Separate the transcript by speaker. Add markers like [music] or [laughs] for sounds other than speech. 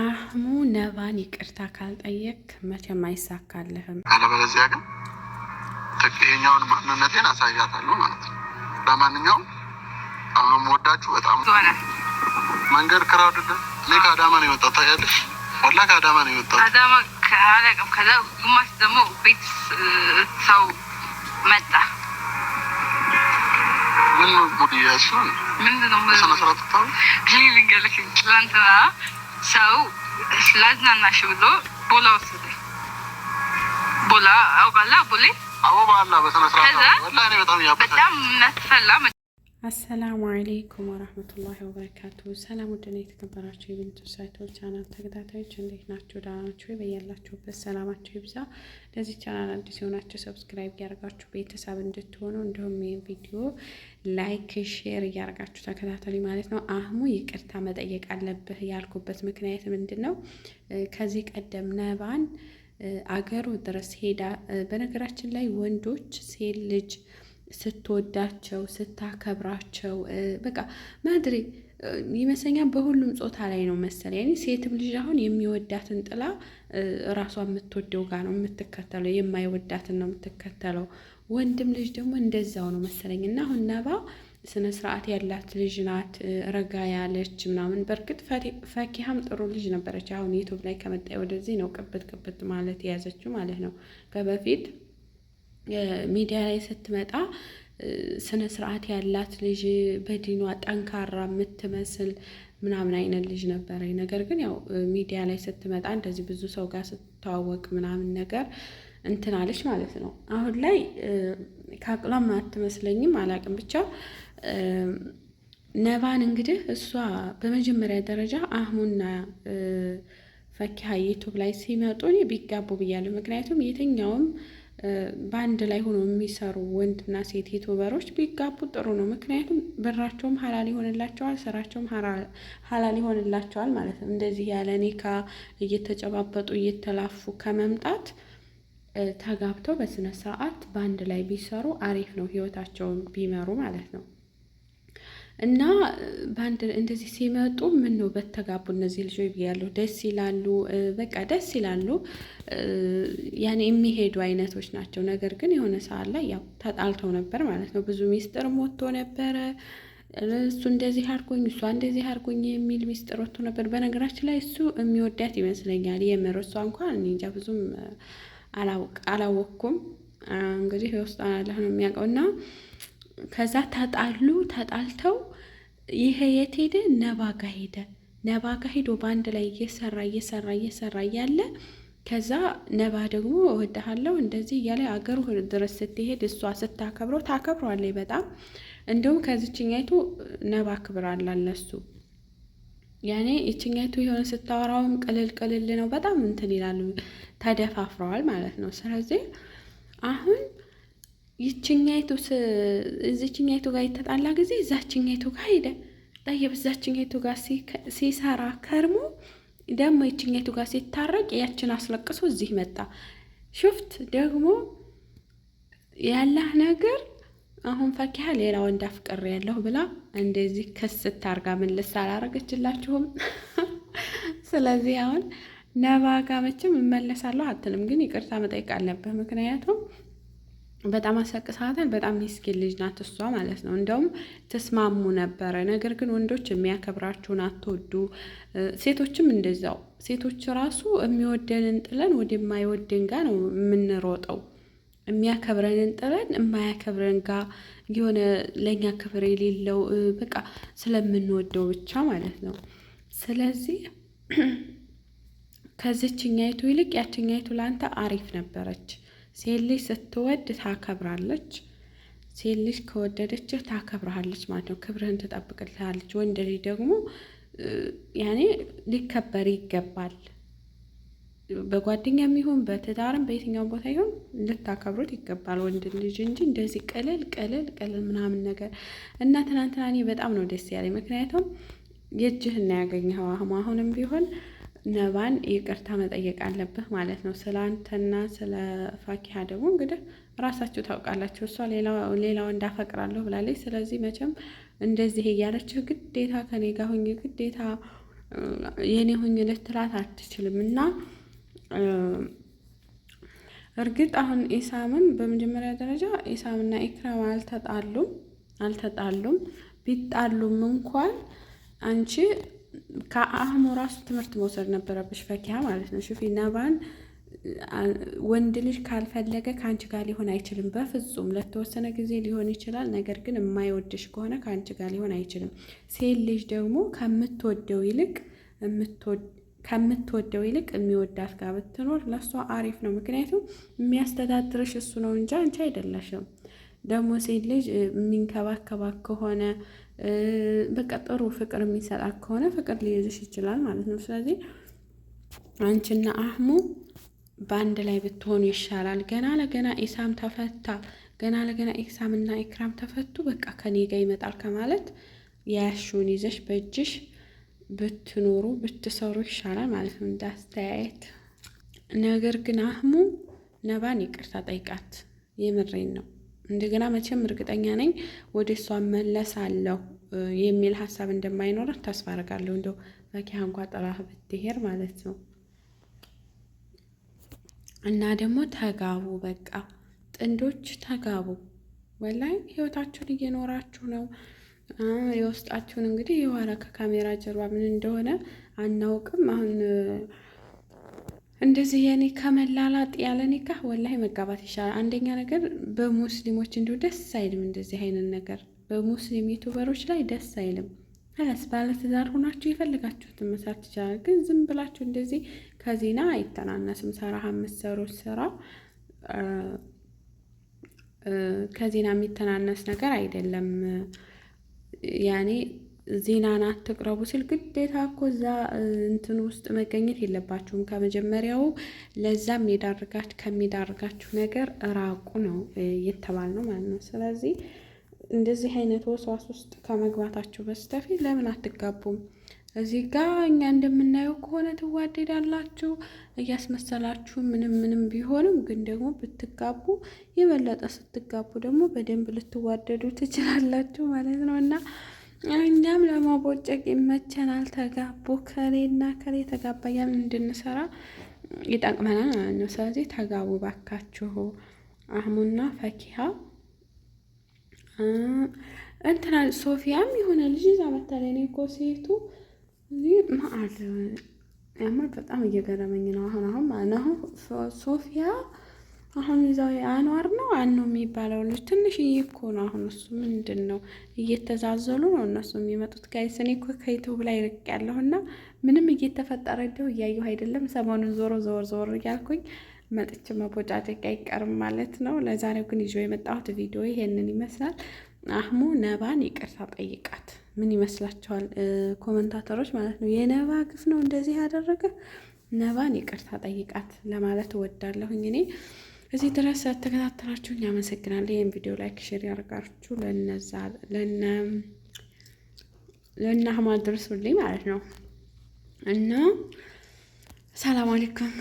Speaker 1: አህሙ ነባን ይቅርታ ካልጠየቅ መቼም አይሳካልህም።
Speaker 2: አለበለዚያ ግን ትክክለኛውን ማንነቴን አሳያታለሁ ማለት ነው። ለማንኛውም አሁንም ወዳችሁ በጣም መንገድ ክራውድድ። እኔ ከአዳማ ነው የመጣሁት ታያለሽ፣ ወላ ከአዳማ ነው የመጣሁት።
Speaker 3: አዳማ ከአላቅም። ከዛ ግማሽ ደግሞ ቤት ሰው መጣ።
Speaker 2: ምን ጉድ ያሱ ምንድነው ስነስራት ታሁ
Speaker 3: ልንገርህ ትላንትና ሰው ላዝናናሽ ብሎ ቦላ ወሰደ። ቦላ አውቃለህ? ቦሌ አዎ፣ በጣም
Speaker 1: አሰላሙ አሌይኩም ወረህመቱላሂ ወበረካቱ። ሰላም ውድና የተከበራችሁ የብንቱ ሳይቶች ቻናል ተከታታዮች እንዴት ናችሁ? ደህና ናችሁ? በያላችሁበት ሰላማችሁ ይብዛ። ለዚህ ቻናል አዲስ የሆናችሁ ሰብስክራይብ እያደርጋችሁ ቤተሰብ እንድትሆኑ እንዲሁም ይህን ቪዲዮ ላይክ፣ ሼር እያደርጋችሁ ተከታተሉ ማለት ነው። አህሙ ይቅርታ መጠየቅ አለብህ ያልኩበት ምክንያት ምንድን ነው? ከዚህ ቀደም ነባን አገሩ ድረስ ሄዳ በነገራችን ላይ ወንዶች ሴት ልጅ ስትወዳቸው ስታከብራቸው በቃ ማድሪ ይመስለኛ በሁሉም ጾታ ላይ ነው መሰለ ያኔ ሴትም ልጅ አሁን የሚወዳትን ጥላ ራሷ የምትወደው ጋር ነው የምትከተለው፣ የማይወዳትን ነው የምትከተለው። ወንድም ልጅ ደግሞ እንደዛው ነው መሰለኝ እና አሁን ነባ ስነ ስርዓት ያላት ልጅ ናት፣ ረጋ ያለች ምናምን። በእርግጥ ፈኪሀም ጥሩ ልጅ ነበረች። አሁን ዩቱብ ላይ ከመጣ ወደዚህ ነው ቅብት ቅብት ማለት የያዘችው ማለት ነው ከበፊት የሚዲያ ላይ ስትመጣ ስነ ስርዓት ያላት ልጅ በዲኗ ጠንካራ የምትመስል ምናምን አይነት ልጅ ነበረኝ። ነገር ግን ያው ሚዲያ ላይ ስትመጣ እንደዚህ ብዙ ሰው ጋር ስትተዋወቅ ምናምን ነገር እንትናለች ማለት ነው። አሁን ላይ ከአቅሏም አትመስለኝም፣ አላቅም ብቻ ነባን እንግዲህ እሷ በመጀመሪያ ደረጃ አህሙና ፈኪሀ ዩቱብ ላይ ሲመጡ ቢጋቡ ብያለሁ። ምክንያቱም የትኛውም በአንድ ላይ ሆኖ የሚሰሩ ወንድና ሴት ዩቱበሮች ቢጋቡ ጥሩ ነው። ምክንያቱም ብራቸውም ሀላል ይሆንላቸዋል፣ ስራቸውም ሀላል ይሆንላቸዋል ማለት ነው። እንደዚህ ያለ ኒካ እየተጨባበጡ እየተላፉ ከመምጣት ተጋብተው በስነ ስርዓት በአንድ ላይ ቢሰሩ አሪፍ ነው፣ ህይወታቸውን ቢመሩ ማለት ነው። እና በአንድ እንደዚህ ሲመጡ ምን ነው በተጋቡ እነዚህ ልጆች ብያለሁ። ደስ ይላሉ፣ በቃ ደስ ይላሉ። ያኔ የሚሄዱ አይነቶች ናቸው። ነገር ግን የሆነ ሰዓት ላይ ያው ተጣልተው ነበር ማለት ነው። ብዙ ሚስጥር ሞቶ ነበረ። እሱ እንደዚህ አርጎኝ፣ እሷ እንደዚህ አርጎኝ የሚል ሚስጥር ወጥቶ ነበር። በነገራችን ላይ እሱ የሚወዳት ይመስለኛል የምር። እሷ እንኳን እንጃ ብዙም አላወቅኩም። እንግዲህ ውስጥ ነው የሚያውቀው እና ከዛ ተጣሉ። ተጣልተው ይሄ የት ሄደ? ነባ ጋ ሄደ። ነባ ጋ ሄዶ በአንድ ላይ እየሰራ እየሰራ እየሰራ እያለ ከዛ ነባ ደግሞ እወድሃለሁ እንደዚህ እያለ አገሩ ድረስ ስትሄድ እሷ ስታከብረው ታከብረዋለች በጣም እንዲሁም ከዚችኛይቱ ነባ ክብር አላለሱ ያኔ ይችኛይቱ የሆነ ስታወራውም ቅልል ቅልል ነው በጣም እንትን ይላሉ ተደፋፍረዋል ማለት ነው ስለዚህ አሁን ይችኛይቱ እዚችኛይቱ ጋር የተጣላ ጊዜ እዛችኛይቱ ጋር ሄደ። ጠየብ እዛችኛይቱ ጋር ሲሰራ ከርሞ ደግሞ ይችኛይቱ ጋር ሲታረቅ ያችን አስለቅሶ እዚህ መጣ። ሹፍት ደግሞ ያላህ ነገር አሁን ፈኪያ ሌላ ወንድ አፍቅሬ ያለሁ ብላ እንደዚህ ክስ ታርጋ ምልስ አላረገችላችሁም። [laughs] ስለዚህ አሁን ነባ ጋ መቼም እመለሳለሁ አትልም፣ ግን ይቅርታ መጠየቅ አለብህ ምክንያቱም በጣም አሰቅሳታል። በጣም ሚስኪን ልጅ ናት እሷ ማለት ነው። እንደውም ተስማሙ ነበረ። ነገር ግን ወንዶች የሚያከብራችሁን አትወዱ፣ ሴቶችም እንደዛው። ሴቶች ራሱ የሚወደንን ጥለን ወደማይወደን ጋር ነው የምንሮጠው። የሚያከብረንን ጥለን የማያከብረን ጋ የሆነ ለእኛ ክብር የሌለው በቃ ስለምንወደው ብቻ ማለት ነው። ስለዚህ [clears throat] ከዚችኛይቱ ይልቅ ያችኛይቱ ለአንተ አሪፍ ነበረች። ሴት ልጅ ስትወድ ታከብራለች። ሴት ልጅ ከወደደችህ ታከብረሃለች ማለት ነው። ክብርህን ትጠብቅልሃለች። ወንድ ልጅ ደግሞ ያኔ ሊከበር ይገባል። በጓደኛም ይሁን በትዳርም በየትኛው ቦታ ይሁን ልታከብሩት ይገባል ወንድ ልጅ እንጂ እንደዚህ ቀለል ቀለል ቀለል ምናምን ነገር እና ትናንትና እኔ በጣም ነው ደስ ያለኝ፣ ምክንያቱም የእጅህና ያገኘኸው አሁን አሁንም ቢሆን ነባን ይቅርታ መጠየቅ አለብህ ማለት ነው። ስለ አንተና ስለ ፋኪሃ ደግሞ እንግዲህ ራሳችሁ ታውቃላችሁ። እሷ ሌላ እንዳፈቅራለሁ ብላለች። ስለዚህ መቼም እንደዚህ እያለችህ ግዴታ ከኔ ጋር ሁኝ፣ ግዴታ የኔ ሁኝ ልትላት አትችልም። እና እርግጥ አሁን ኢሳምን በመጀመሪያ ደረጃ ኢሳምና ኢክራም አልተጣሉም አልተጣሉም። ቢጣሉም እንኳን አንቺ ከአህሙ ራሱ ትምህርት መውሰድ ነበረብሽ ፈኪያ ማለት ነው። ሹፊ ነባን ወንድ ልጅ ካልፈለገ ከአንቺ ጋር ሊሆን አይችልም። በፍጹም ለተወሰነ ጊዜ ሊሆን ይችላል። ነገር ግን የማይወድሽ ከሆነ ከአንቺ ጋር ሊሆን አይችልም። ሴት ልጅ ደግሞ ከምትወደው ይልቅ ከምትወደው ይልቅ የሚወዳት ጋር ብትኖር ለእሷ አሪፍ ነው። ምክንያቱም የሚያስተዳድርሽ እሱ ነው እንጂ አንቺ አይደለሽም። ደግሞ ሴት ልጅ የሚንከባከባ ከሆነ በቃ ጥሩ ፍቅር የሚሰጣት ከሆነ ፍቅር ሊይዝሽ ይችላል ማለት ነው። ስለዚህ አንቺና አህሙ በአንድ ላይ ብትሆኑ ይሻላል። ገና ለገና ኢሳም ተፈታ፣ ገና ለገና ኢሳም እና ኢክራም ተፈቱ፣ በቃ ከኔ ጋር ይመጣል ከማለት ያሹን ይዘሽ በእጅሽ ብትኖሩ ብትሰሩ ይሻላል ማለት ነው እንደ አስተያየት። ነገር ግን አህሙ ነባን ይቅርታ ጠይቃት፣ የምሬን ነው። እንደገና መቼም እርግጠኛ ነኝ ወደ እሷ መለሳለሁ የሚል ሀሳብ እንደማይኖራት ተስፋ አደርጋለሁ። እንደው መኪያ እንኳ ጥራህ ብትሄድ ማለት ነው። እና ደግሞ ተጋቡ፣ በቃ ጥንዶች ተጋቡ። ወላይ ህይወታችሁን እየኖራችሁ ነው። የውስጣችሁን እንግዲህ የኋላ ከካሜራ ጀርባ ምን እንደሆነ አናውቅም አሁን እንደዚህ የኔ ከመላላጥ ያለ ኒካ ወላሂ መጋባት ይሻላል። አንደኛ ነገር በሙስሊሞች እንዲሁ ደስ አይልም፣ እንደዚህ አይነት ነገር በሙስሊም ዩቱበሮች ላይ ደስ አይልም። ስ ባለትዳር ሆናችሁ የፈለጋችሁትን መስራት ይችላል። ግን ዝም ብላችሁ እንደዚህ ከዜና አይተናነስም። ሰራ የምትሰሩ ስራ ከዜና የሚተናነስ ነገር አይደለም ያኔ ዜናን አትቅረቡ ሲል ግዴታ እኮ እዛ እንትን ውስጥ መገኘት የለባችሁም። ከመጀመሪያው ለዛም የዳርጋችሁ ከሚዳርጋችሁ ነገር ራቁ ነው የተባል ነው ማለት ነው። ስለዚህ እንደዚህ አይነት ወስዋስ ውስጥ ከመግባታችሁ በስተፊት ለምን አትጋቡም? እዚህ ጋ እኛ እንደምናየው ከሆነ ትዋደዳላችሁ እያስመሰላችሁ ምንም ምንም ቢሆንም ግን ደግሞ ብትጋቡ የበለጠ ስትጋቡ ደግሞ በደንብ ልትዋደዱ ትችላላችሁ ማለት ነው እና እኛም ለማቦጨቅ ይመቸናል። ተጋቡ ከሌና ከሌ ተጋባ እያልን እንድንሰራ ይጠቅመናል ማለት ነው። ስለዚህ ተጋቡ ባካችሁ። አህሙና ፈኪሃ እንትና ሶፊያም የሆነ ልጅ እዛ መታለች። እኔ እኮ ሴቱ ማአል ያምር በጣም እየገረመኝ ነው አሁን አሁን ማለት ነው ሶፊያ አሁን እዛው አንዋር ነው አን ነው የሚባለው ልጅ ትንሽዬ እኮ ነው። አሁን እሱ ምንድን ነው እየተዛዘሉ ነው እነሱ የሚመጡት። ጋይስ እኔ እኮ ከዩቱብ ላይ ርቅ ያለሁና ምንም እየተፈጠረ እንደው እያየሁ አይደለም። ሰሞኑን ዞሮ ዞር ዞር እያልኩኝ መጥቼ መቦጫጨቅ አይቀርም ማለት ነው። ለዛሬው ግን ይዞ የመጣሁት ቪዲዮ ይሄንን ይመስላል። አህሙ ነባን ይቅርታ ጠይቃት። ምን ይመስላችኋል ኮመንታተሮች ማለት ነው? የነባ ግፍ ነው እንደዚህ ያደረገ። ነባን ይቅርታ ጠይቃት ለማለት እወዳለሁኝ እኔ እዚህ ድረስ ተከታተላችሁኝ አመሰግናለሁ። ይህን ቪዲዮ ላይክ፣ ሼር ያደርጋችሁ ለነዛ ለነ ማለት ነው እና ሰላም አለይኩም።